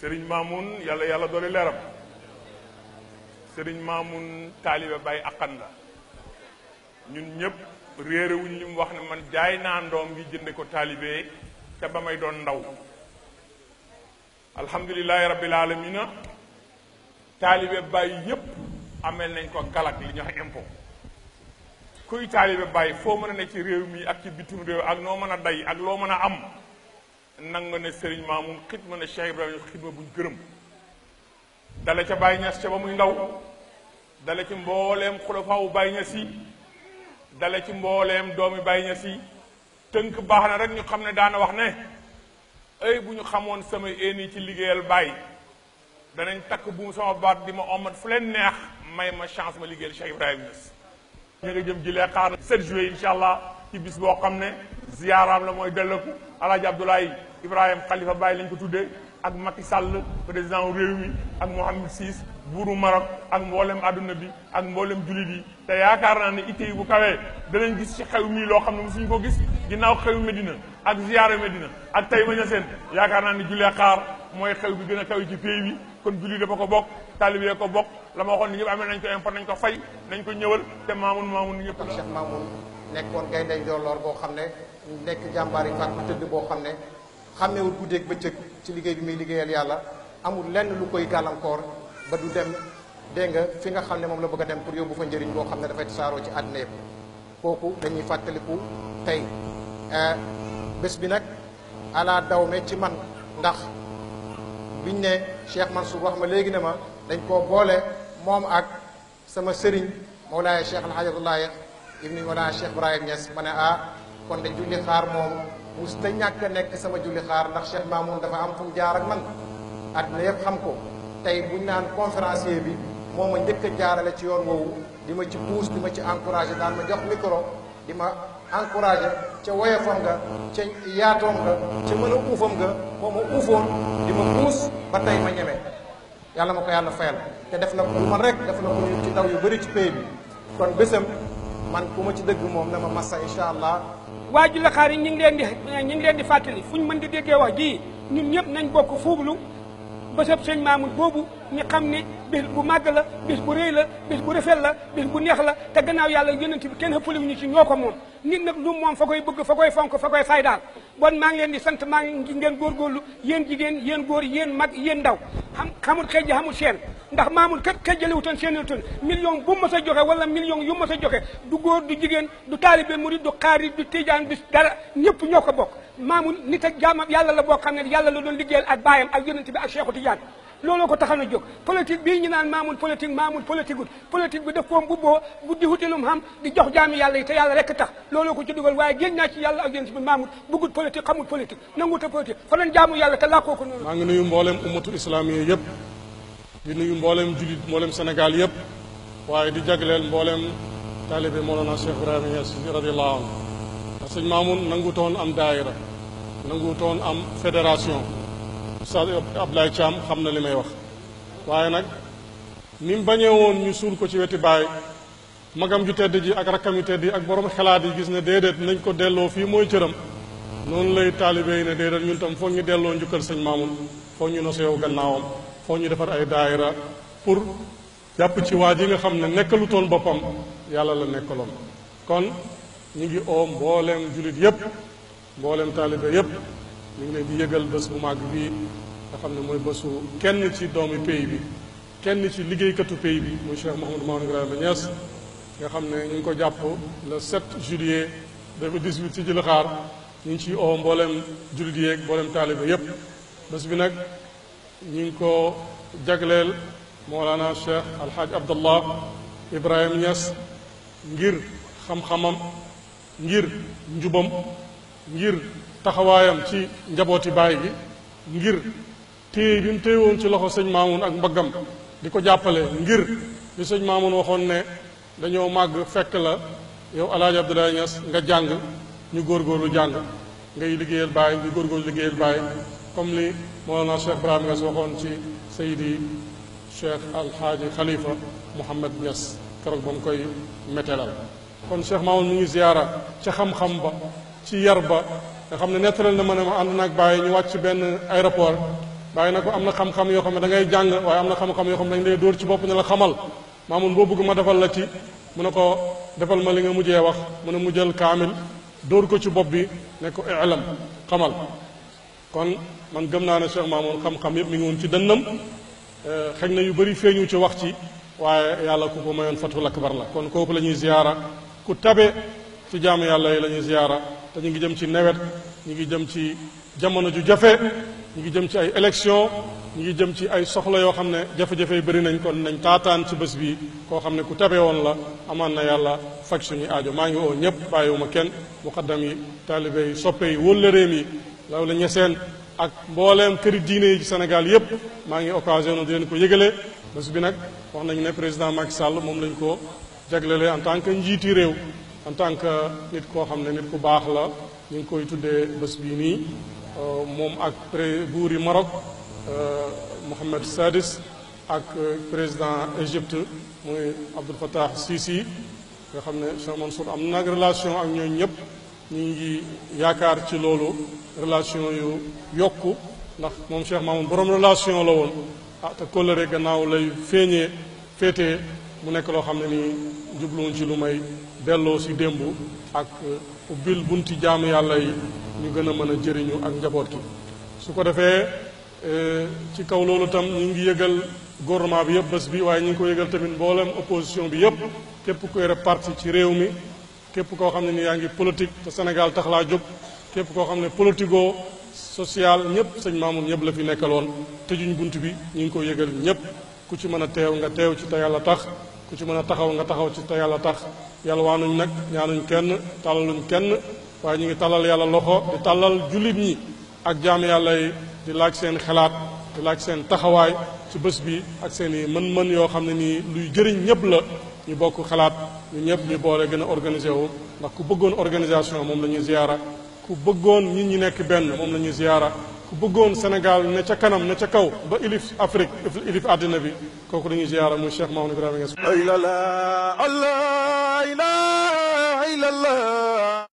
sëriñ Mamoun yàlla yàlla doole leeram sëriñ Mamoun taalibe Baye Akan la ñun ñëpp réerewuñ li wax ne man jaay naa ndoom gi jënde ko taalibe ca ba may doon ndaw alhamdulilahi rabbil alamina taalibe bàyyi yëpp amel nañ ko galak li ñu wax impôt kuy taalibe Baye foo mën a ne ci réew mii ak ci bitim réew ak noo mën a day ak loo mën a am nangu ne Serigne Mamoun xidma ne Cheikh Ibrahima xidma buñ gërëm dale ca bàyyi Niass ca ba muy ndaw dale ci mbooleem xulafaawu Baye Niass yi dale ci mbooleem doomi bàyyi Niass yi tënk baax na rek ñu xam ne daana wax ne ay bu ñu xamoon sama éni ci liggéeyal Baye danañ takk buum sama baat di ma omat fu leen neex may ma chance ma liggéeyal Cheikh Ibrahima Niass ñu jëm jilee xaar na 7 juillet allah ci bis boo xam ne ziyaaraam la mooy dellëku alaaji Abdoulaye Ibrahima Khalifa Baye lañ ko tuddee ak Macky sàll président réew mi ak Mohamed Siis buuru Maroc ak mboolem àdduna bi ak mboolem jullit yi te yaakaar naa ne itte yi bu kawee danañ gis ci xew mii loo xam ne mosuñ ko gis ginnaaw xew Medina ak ziyaara Medina ak Taïba seen yaakaar naa ne julee xaar mooy xew bi gën a kawe ci pays bi kon jullit dafa ko bokk talibé ko bokk la ma waxoon ne ñëpp nañ ko nañ ko fay nañ ko ñëwal te maamun maamun ñëpp la Cheikh Maamun nekk nekkoon gaynde lool boo xam ne nekk jàmbaari fàtt bu tëdd boo xam ne xàmmewul guddeeg bëccëg ci liggéey bi muy liggéeyal yàlla amul lenn lu koy gàllankoor ba du dem dégg nga fi nga xam ne moom la bëgg a dem pour yóbbu fa njariñ boo xam ne dafay tasaaroo ci àdduna yëpp kooku dañuy fàttaliku tey eh, bés bi nag alaa daw dawme ci man ndax biñ ne Cheikh Mansour wax ma léegi ne ma dañ koo boole moom ak sama sëriñ moo Cheikh El Hadj Abdoulaye ibni wala Cheikh Ibrahim Niass ma ne ah kon de julli xaar moom mus ta ñàkk a nekk sama julli xaar ndax Cheikh moom dafa am fu jaar ak man àdduna yëpp xam ko tey buñ naan conférencier bi moom ma njëkk a jaarale ci yoon woowu di ma ci pousse di ma ci encouragé daan ma jox micro di ma encouragé ca woyofam nga ca yaatoom nga ca mën a uufam nga moo ma uufoon di ma pousse ba tey ma ñeme yàlla ma ko yàlla fayal te def na ko lu man rek def na ko ñu ci ndaw yu bëri ci pays bi kon bésam man ku ma ci dëgg moom na dama massa incha allah waa Julexaar yi ñu ngi leen di ñu ngi leen di fàttali fu ñu mën di déggee wax ji ñun ñëpp nañ bokk fuublu bésëb sëñ Mamoun boobu ñu xam ni bis bu màgg la bis bu rëy la bis bu rafet la bis bu neex la te gannaaw yàlla yonent bi kenn xëppale ñu ci ñoo ko moom nit nag lu moom fa koy bëgg fa koy fonk fa koy faydaal bon maa ngi leen di sant maa ngi ngeen góorgóorlu yéen jigéen yéen góor yéen mag yéen ndaw xam xamul xëy ji xamul seen ndax maamul kat ka jëliwutoon seen i toon million bu mës a joxe wala million yu mës a joxe du góor du jigéen du taalibe murid du xaari du tijaan du dara ñëpp ñoo ko bokk maamul nit ak la boo xam ne yàlla la doon liggéeyal ak baayam ak yonent bi a Cheikhu Tijaan looloo ko taxan a jóg politique bii ñu naan maamul politique maamul politique ut politique bi def ko mbubboo bu di wuti lu mu di jox jaami yàlla yi te yàlla rekk tax looloo ko ci dugal waaye génn naa ci yàlla ak yéen bi maamul bëggut yëpp di nuyu mboolem jullit mboolem Sénégal yëpp waaye di jagleel mboolem taalibe Mawlana Cheikh Ibrahima Niass radiyallahu anhu ndax sëñ Maamoun nangu toon am daayira nangu toon am fédération Oustaz Abdoulaye Thiam xam na li may wax waaye nag ni mu bañee woon ñu suul ko ci weti baay magam ju tedd ji ak rakkam yu tedd yi ak borom xalaat yi gis ne déedéet nañ ko delloo fii mooy cëram noonu lay taalibe yi ne déedéet ñun tam foog ñu delloo njukkal sañ Maamoun foo ñu nosee gannaawam foo ñu defar ay daayira pour jàpp ci waa ji nga xam ne nekkalu toon boppam yàlla la nekkaloon kon ñu ngi oo mbooleem jullit yépp mbooleem taalibe yépp ñu ngi leen di yëgal bés bu màgg bi nga xam ne mooy bésu kenn ci doomi pays bi kenn ci liggéeykatu pays bi muy Cheikh Mouhamadou Mamoune Ibrahima Niass nga xam ne ñu ngi ko jàpp le 7 juillet 2018 ci Jilaxaar ñu ngi ciy oo mbooleem jullit yeeg mbooleem taalibe yépp bés bi nag ñu ngi ko jagleel Mawlana Cheikh Alhaaj Abdallah Ibrahim Niass ngir xam-xamam ngir njubam ngir taxawaayam ci njabooti baay gi ngir téye bi mu téyewoon ci loxo sëñ Maamun ak mbaggam di ko jàppale ngir li sëñ Maamun waxoon ne dañoo màgg fekk la yow Alhaaj Abdoulaye Niass nga jàng ñu góor góorlu jàng ngay liggéeyal baay ñu góorgóorlu liggéeyal baay comme li Mawlana Cheikh Ibrahima Niass waxoon ci Seydi Cheikh Alxaaji Khalifa Mouhamed Niass keroog ba mu koy mételal kon Cheikh Mamoun mu ngi ziyaara ci xam-xam ba ci yar ba nga xam ne nettalal na ma ne ma ànd naag bàyyi ñu wàcc benn aéroport bàyyi nag ko am na xam-xam yoo xam ne da ngay jàng waaye am na xam-xam yoo xam ne dañ lay dóor ci bopp ne la xamal Mamoun boo bëgg ma defal la ci mu ne ko defal ma li nga mujjee wax mu ne mu jël kaamil dóor ko ci bopp bi ne ko ilam xamal kon man gëm naa ne Cheikh Mamoun xam-xam yëpp mi ngi woon ci dënnam eh, xëy na yu bëri feeñu ci wax ci waaye yàlla ku ko mayoon fatul bari la kon kooku la ñuy ziyaara ku tabe ci jaamu yàlla yi la ziyaara te ñu ngi jëm ci nawet ñu ngi jëm ci jamono ju jafe ñu ngi jëm ci ay élection ñu ngi jëm ci ay soxla yoo xam ne jafe-jafe yi bëri nañ kon nañ taataan ci bés bi koo xam ne ku tabe woon la amaan na yàlla faj suñu aajo maa ngi oo ñëpp bàyyiwuma kenn muqaddam yi taalibe yi soppe yi yi law la ñeseen ak mbooleem këri diine yi ci Sénégal yépp maa ngi occasion na di leen ko yëgale bés bi nag wax nañu ne président Macky Sall moom lañ ko jaglele en tant que njiiti réew en tant que nit koo xam ne nit ku baax la ñu ngi koy tuddee bés bii nii euh, moom ak pré buuri Maroc euh, Mohammed Sadis ak euh, président Égypte muy Abdel Fattah Sisi nga xam ne Cheikh Mansour am nag relation ak ñooñu ñëpp ñu ngi yaakaar ci loolu relation yu yokku ndax moom Cheikh Mamoun borom relation la woon ah te kóllëre gannaaw lay féeñee féetee mu nekk loo xam ne ni jubluwuñ ci lu may delloo si démb ak uh, ubbil bunti jaamu yàlla yi ñu gën a mën a jëriñu ak njaboot gi su ko defee uh, ci kaw loolu tam ñu ngi yëgal gouvernement bi yëpp bés bi waaye ñu ngi ko yëgal tamit mboolem opposition bi yëpp képp kuy parti ci réew mi képp koo xam ne ni yaa ngi politique te Sénégal tax laa jóg képp koo xam ne politico social ñëpp sëñ Mamour ñëpp la fi nekkaloon tëjuñ bunt bi ñu ngi ko yëgal ñëpp ku ci mën a teew nga teew ci te yàlla tax ku ci mën a taxaw nga taxaw ci te yàlla tax yàlla waanuñ nag ñaanuñ kenn talaluñ kenn waaye ñu ngi talal yàlla loxo di talal jullit ñi ak jaam yàlla yi di laaj seen xalaat di laaj seen taxawaay ci bés bi ak seen i mën-mën yoo xam ne nii luy jëriñ ñëpp la ñu bokk xalaat ñu ñëpp ñu boole gën a organisé wu ndax ku bëggoon organisation moom la ñuy ziyaara ku bëggoon nit ñi nekk benn moom la ñuy ziyaara ku bëggoon Sénégal ne ca kanam ne ca kaw ba ilif Afrique ilif àddina bi kooku dañuy ziyaara muy Cheikh Mamadou Ibrahima Niass